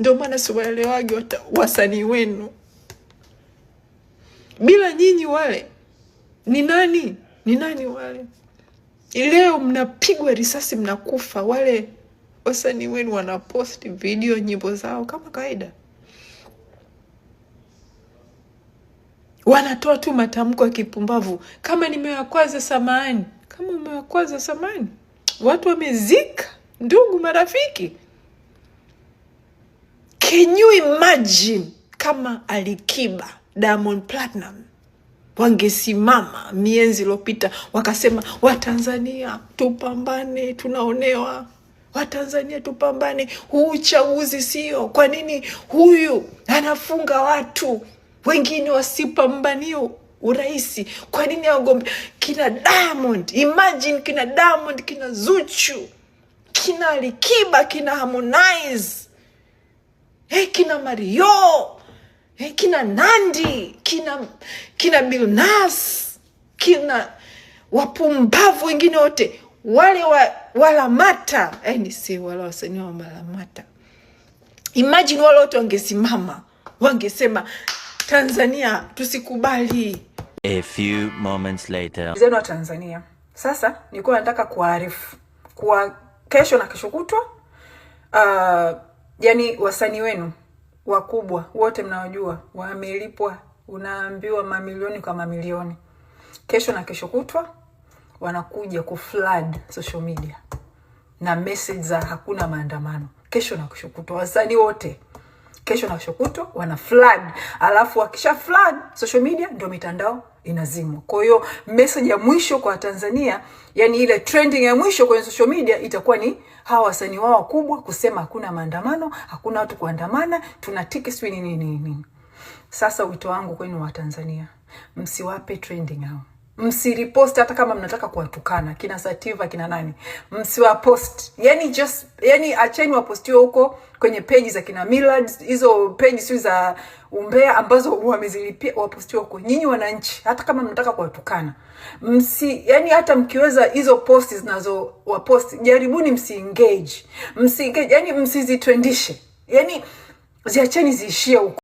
Ndio maana siwaelewagi wasanii wenu bila nyinyi, wale ni nani? Ni nani wale? Leo mnapigwa risasi, mnakufa, wale wasanii wenu wanaposti video nyimbo zao kama kawaida, wanatoa tu matamko ya kipumbavu kama nimewakwaza samani, kama umewakwaza samani. Watu wamezika ndugu, marafiki. Can you imagine kama Alikiba Diamond Platinum wangesimama mienzi iliyopita wakasema, Watanzania tupambane, tunaonewa. Watanzania tupambane, huu uchaguzi sio. Kwa nini huyu anafunga watu wengine wasipambanio uraisi? Kwa nini awagombe kina Diamond? Imagine kina Diamond, kina Zuchu, kina Alikiba, kina Harmonize hey, kina Mario hey, kina Nandi kina kina milnas kina wapumbavu wengine wote wale wa, walamata yani eh, si wala wasanii wa malamata. Imagine wale wote wangesimama wangesema Tanzania tusikubali. A few moments later. zenu wa Tanzania sasa nikuwa nataka kuarifu kwa kesho na kesho kutwa uh, yani wasanii wenu wakubwa wote mnaojua wamelipwa, unaambiwa mamilioni kwa mamilioni, kesho na kesho kutwa wanakuja ku social media na message za hakuna maandamano, kesho na kesho kutwa, wasanii wote kesho na shokuto wana flood, alafu wakisha flood social media ndio mitandao inazimwa. Kwa hiyo message ya mwisho kwa Tanzania, yani ile trending ya mwisho kwenye social media itakuwa ni hawa wasanii wao wakubwa kusema hakuna maandamano, hakuna watu kuandamana, tuna tiki sijui nini nini. Sasa wito wangu kwenu wa Tanzania, msiwape trending hao msiriposti hata kama mnataka kuwatukana kina Sativa kina nani, msiwapost yani, just yani, acheni wapostiwe huko kwenye peji za kina milad hizo peji siu za umbea ambazo wamezilipia, wapostiwe huko. Nyinyi wananchi, hata kama mnataka kuwatukana msi, yani hata mkiweza hizo posti zinazo waposti jaribuni, msi engage, msi engage, yani msizitwendishe, yani ziacheni ziishie huko.